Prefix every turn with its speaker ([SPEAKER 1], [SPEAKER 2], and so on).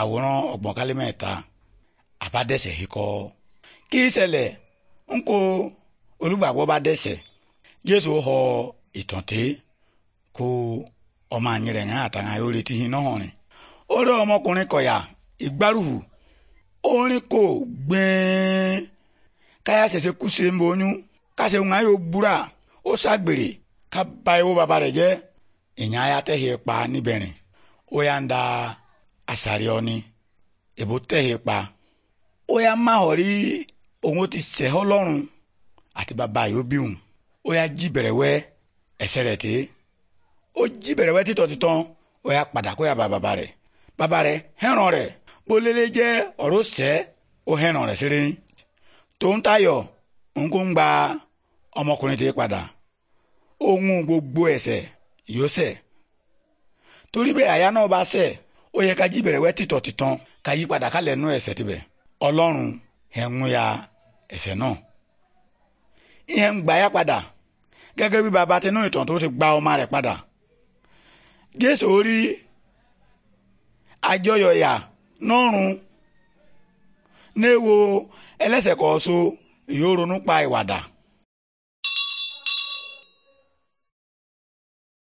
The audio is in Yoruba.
[SPEAKER 1] àwòrán ọ̀gbọ̀n kálí mẹ́ta àbádẹ́sẹ̀ kíkọ́ kí ṣẹlẹ̀ ń kó olùgbàgbọ́ bá dẹ́sẹ̀ Jésù họ ìtànté kó ọmọ àyìn rẹ̀ yẹn àtàwọn ayò retí iná náà rìn orí ọmọkùnrin kọ̀yà ìgbárùhù orin kò káyà kú oyún ń ayò búra ó ká rẹ̀ jẹ́ ìyẹn asari ọni ebo tẹhe pa ó yá má họ rí òun ti sẹ ọ lọ́rùn àti bàbá yóò bí òun ó yá jí bẹ̀rẹ̀ wẹ ẹsẹ̀ rẹ̀ tẹ ó jí bẹ̀rẹ̀ wẹ títọ títọ ó yá padà kó yá bá bàbá rẹ̀ bàbá rẹ̀ hẹràn jẹ ọ̀rọ̀ sẹ ó hẹràn rẹ̀ sẹrẹ tòun tayọ òun ọmọkùnrin tẹ padà ohun gbogbo ẹ̀ṣẹ̀ yóò ṣẹ̀ torí bẹ́ẹ̀ àyà náà bá ṣẹ̀ ó yẹ ká jí bẹ̀rẹ̀ wẹ́ títọ̀ títàn ká yí padà kálẹ̀ nú ẹ̀ṣẹ̀ tibẹ̀ ọlọ́run ẹ̀hún ya ẹ̀ṣẹ̀ náà ìyẹn ń gbà yá padà gẹ́gẹ́ bí baba tinú ìtàn tó ti gba ọmọ rẹ̀ padà jésù orí àjọyọ̀yà nọ́run néwo ẹlẹ́ṣẹ̀ kọ̀ọ̀so pa ìwàdà.